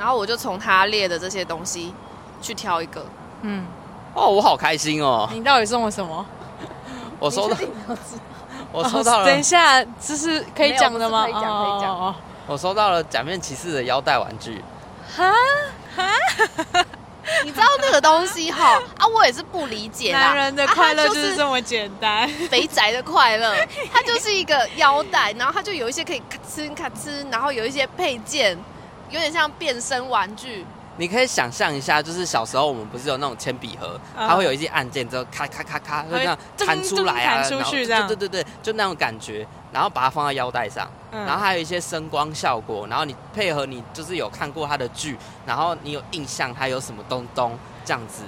然後我就從他列的這些東西去挑一個，嗯，哦，我好開心哦！你到底送我什麼？我收到了，我收到了。等一下，這是可以講的嗎？可以講，哦、可以講。我收到了假面騎士的腰帶玩具。哈哈你知道那個東西哈、哦？ 啊，我也是不理解。男人的快樂就是這麼簡單。啊、肥宅的快樂，它就是一個腰帶，然後它就有一些可以咔哧咔哧，然後有一些配件。有點像變身玩具，你可以想象一下，就是小時候我們不是有那種鉛筆盒，啊、它會有一些按鍵，就咔咔咔咔，就那樣彈出來啊，噴噴噴彈出去這樣對對對，就那種感覺，然後把它放在腰帶上，嗯、然後還有一些聲光效果，然後你配合你就是有看過他的劇，然後你有印象他有什麼東東這樣子，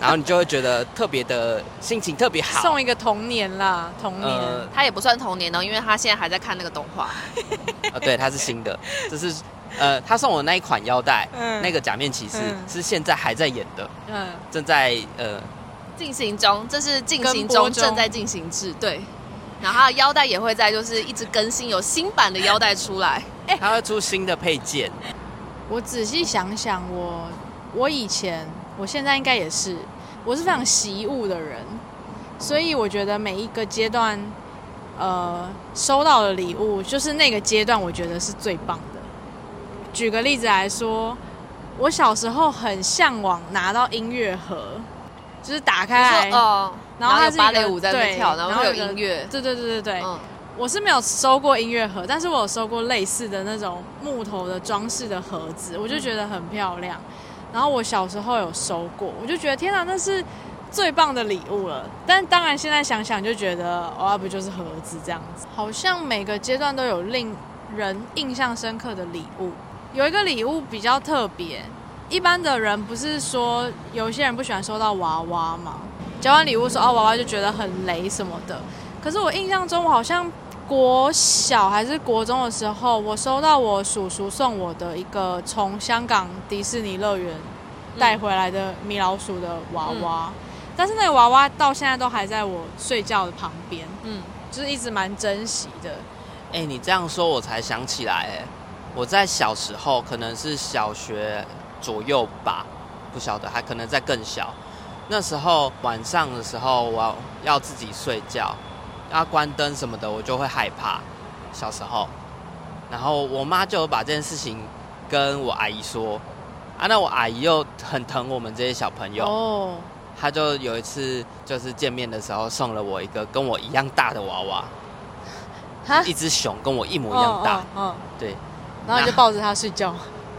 然後你就會覺得特別的心情特別好，送一個童年啦，童年，呃、他也不算童年哦，因為他現在還在看那個動畫 、呃，對，它是新的，這、就是。呃，他送我那一款腰帶，嗯、那個假面騎士是，嗯、是現在還在演的，嗯、正在呃進行中，這是進行中正在進行式，對。然後他的腰帶也會在，就是一直更新，有新版的腰帶出來。它、欸、會出新的配件。我仔細想想我，我我以前，我現在應該也是，我是非常惜物的人，所以我覺得每一個階段，呃，收到的禮物，就是那個階段，我覺得是最棒的。舉個例子來說，我小時候很向往拿到音樂盒，就是打開來，哦、然後它是芭蕾舞在那跳，對然後，然後有音樂。對，對對對對對，嗯、我是沒有收過音樂盒，但是我有收過類似的那種木頭的裝飾的盒子，我就覺得很漂亮。嗯、然後我小時候有收過，我就覺得天哪，那是最棒的禮物了。但當然現在想想就覺得，哦、啊、不就是盒子這樣子？嗯、好像每個階段都有令人印象深刻的禮物。有一個禮物比較特別，一般的人不是說有些人不喜歡收到娃娃嗎？交完禮物說哦娃娃就覺得很雷什麼的。可是我印象中，我好像國小還是國中的時候，我收到我叔叔送我的一個從香港迪士尼樂園帶回來的米老鼠的娃娃，嗯、但是那個娃娃到現在都還在我睡覺的旁邊，嗯，就是一直蠻珍惜的。哎、欸，你這樣說我才想起來哎、欸。我在小時候，可能是小學左右吧，不曉得，還可能在更小。那時候晚上的時候，我要，要自己睡覺，要關燈什麼的，我就會害怕。小時候，然後我媽就有把這件事情跟我阿姨說，啊，那我阿姨又很疼我們這些小朋友，Oh. 她就有一次就是見面的時候送了我一個跟我一樣大的娃娃，Huh? 一隻熊跟我一模一樣大，Oh, oh, oh. 對。然後就抱着他睡覺。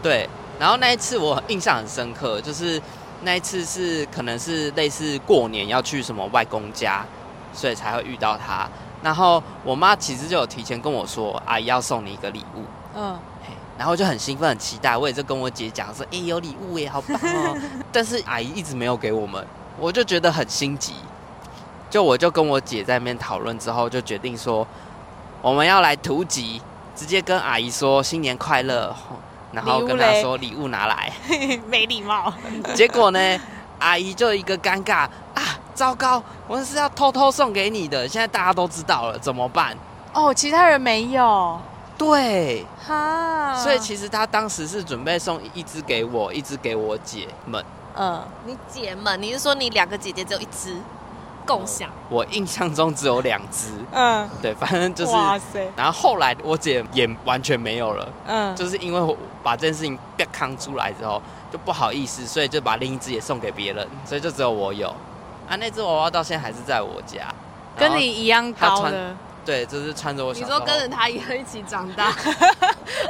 對，然後那一次我印象很深刻，就是那一次是可能是類似過年要去什麼外公家，所以才會遇到他，然後我媽其實就有提前跟我說，阿姨要送你一個禮物。嗯。然後就很興奮、很期待，我也就跟我姐講說：“哎、欸，有禮物耶，好棒哦！” 但是阿姨一直沒有給我們，我就覺得很心急。就我就跟我姐在那邊討論之後，就決定說，我們要來圖集。直接跟阿姨說新年快樂，然後跟她說禮物拿來，物 沒禮禮貌。 結果呢，阿姨就一個尷尬啊，糟糕，我是要偷偷送給你的，現在大家都知道了，怎麼辦？哦，其他人沒有。對哈，所以其實她當時是準備送一隻給我，一隻給我姐們。嗯、呃，你姐們，你是說你兩個姐姐只有一隻？共享，我印象中只有兩隻，嗯，對，反正就是，塞然後後來我姐也完全沒有了，嗯，就是因為我把這件事情別扛出來之後，就不好意思，所以就把另一隻也送給別人，所以就只有我有。啊，那隻娃娃到現在還是在我家，跟你一樣高的，對，就是穿着我小時候，你說跟着他一樣一起長大，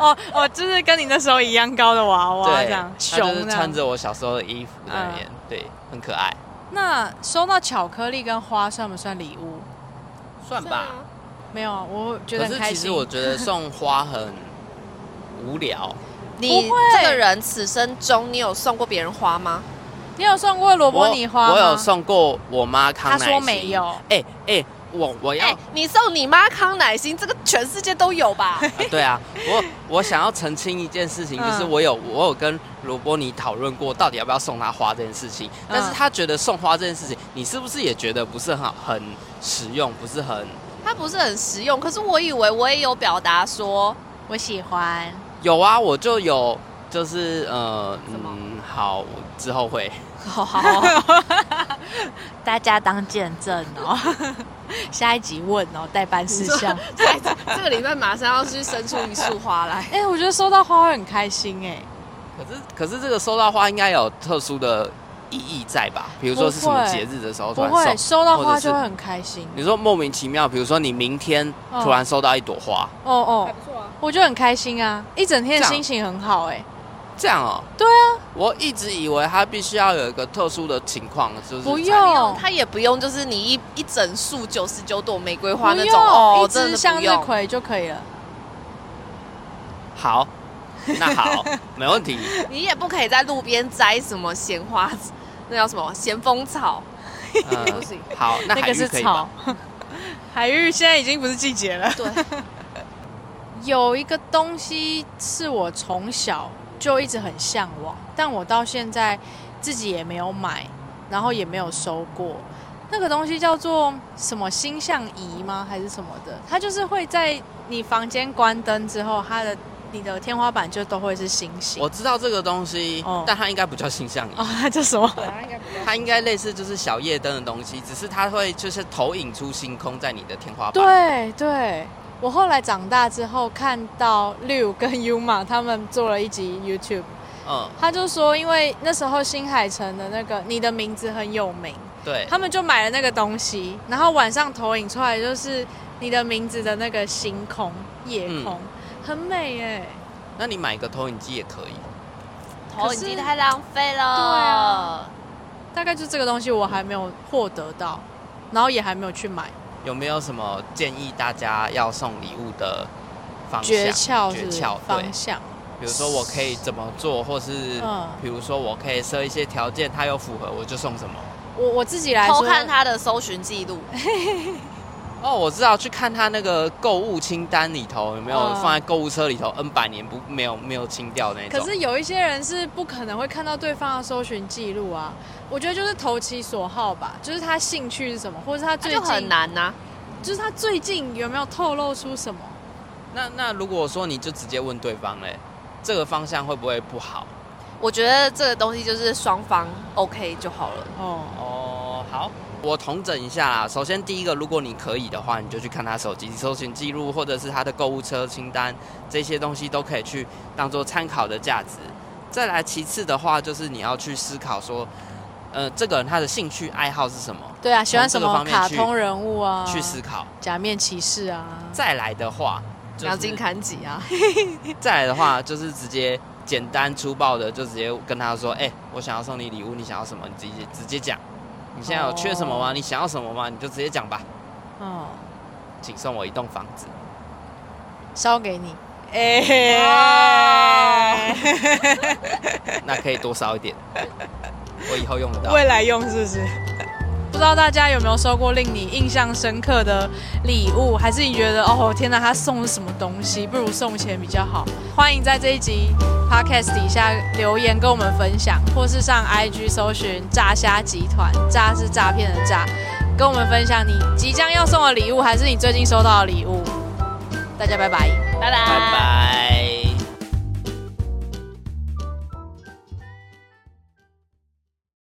哦哦，就是跟你那時候一樣高的娃娃對熊這樣，就是穿着我小時候的衣服那邊，嗯、對，很可愛。那收到巧克力跟花算不算禮物？算吧算嗎，沒有，我覺得很開心。可是其實我覺得送花很無聊。 你這個人，此生中你有送過別人花嗎？你有送過蘿蔔泥花嗎？我，我有送過我媽康乃馨，她說沒有。哎哎、欸。欸我我要、欸、你送你媽康乃馨，這個全世界都有吧？呃、對啊，我我想要澄清一件事情，就是我有我有跟羅波尼討論過到底要不要送他花這件事情，但是他覺得送花這件事情，你是不是也覺得不是很好，很實用，不是很？他不是很實用，可是我以為我也有表達說我喜歡。有啊，我就有，就是呃，什、嗯、麼？好，之後會。好，oh, oh, oh. 大家當見證哦。Oh. 下一集問哦，oh, 代班失效。這個禮拜馬上要去生出一束花來。哎、 欸，我覺得收到花會很開心哎、欸。可是可是這個收到花應該有特殊的意義在吧？比如說是什麼節日的時候突然，不會收到花就會很開心。你說莫名其妙，比如說你明天突然收到一朵花，哦哦，哦啊、我就很開心啊，一整天心情很好哎、欸。這樣哦、喔，對啊，我一直以為他必須要有一個特殊的情況，就是不用，他也不用，就是你一一整束九十九朵玫瑰花那種用哦，一隻向日葵就可以了。好，那好， 沒問題。你也不可以在路邊摘什麼鮮花，那叫什麼咸豐草？不行、 嗯，好，那個是草。 海芋現在已經不是季節了。對，有一個東西是我從小。就一直很嚮往，但我到現在自己也沒有買，然後也沒有收過那個東西，叫做什麼星象儀嗎？還是什麼的？它就是會在你房間關燈之後，它的你的天花板就都會是星星。我知道這個東西，哦、但它應該不叫星象儀哦。它叫什麼？它應該不。它應該類似就是小夜燈的東西，只是它會就是投影出星空在你的天花板。對對。對我後來長大之後，看到六跟 Yuma 他們做了一集 YouTube，嗯，他就說，因為那時候新海誠的那個《你的名字》很有名，對，他們就買了那個東西，然後晚上投影出來就是你的名字的那個星空夜空，嗯、很美哎、欸、那你買一個投影機也可以，投影機太浪費了。對啊，大概就這個東西我還沒有獲得到，嗯、然後也還沒有去買。有沒有什麼建議大家要送禮物的方向？訣竅，對。方向，比如說我可以怎麼做，或是、嗯、比如說我可以設一些條件，他又符合我就送什麼。我我自己來說偷看他的搜尋記錄。 哦，我知道去看他那個購物清單裡頭有沒有放在購物車裡頭，N 百年不沒有沒有清掉那種。可是有一些人是不可能會看到對方的搜尋記錄啊。我覺得就是投其所好吧，就是他興趣是什麼，或者他最近、啊、很難吶、啊，就是他最近有沒有透露出什麼？那那如果說你就直接問對方嘞，這個方向會不會不好？我覺得這個東西就是雙方 OK 就好了。哦哦好。我統整一下啦，首先第一個，如果你可以的話，你就去看他手機搜尋記錄，或者是他的購物車清單，這些東西都可以去當做參考的價值。再來，其次的話，就是你要去思考說，呃，這個人他的興趣愛好是什麼？對啊，喜歡什麼卡通人物啊？去思考，假面騎士啊。再來的話，黃、就、金、是、砍戟啊。 再來的話，就是直接簡單粗暴的，就直接跟他說，哎、欸，我想要送你禮物，你想要什麼？你自己直接直接講。你現在有缺什麼嗎？Oh. 你想要什麼嗎？你就直接講吧。哦，oh. 請送我一棟房子。燒給你。哎，那可以多燒一點，我以後用得到。未來用是不是？不知道大家有沒有收過令你印象深刻的禮物，還是你覺得哦天哪，他送了什麼東西，不如送錢比較好？歡迎在這一集 Podcast 底下留言跟我們分享，或是上 IG 搜尋“詐蝦集團”，詐是詐騙的詐，跟我們分享你即將要送的禮物，還是你最近收到的禮物。大家拜拜，拜拜，拜。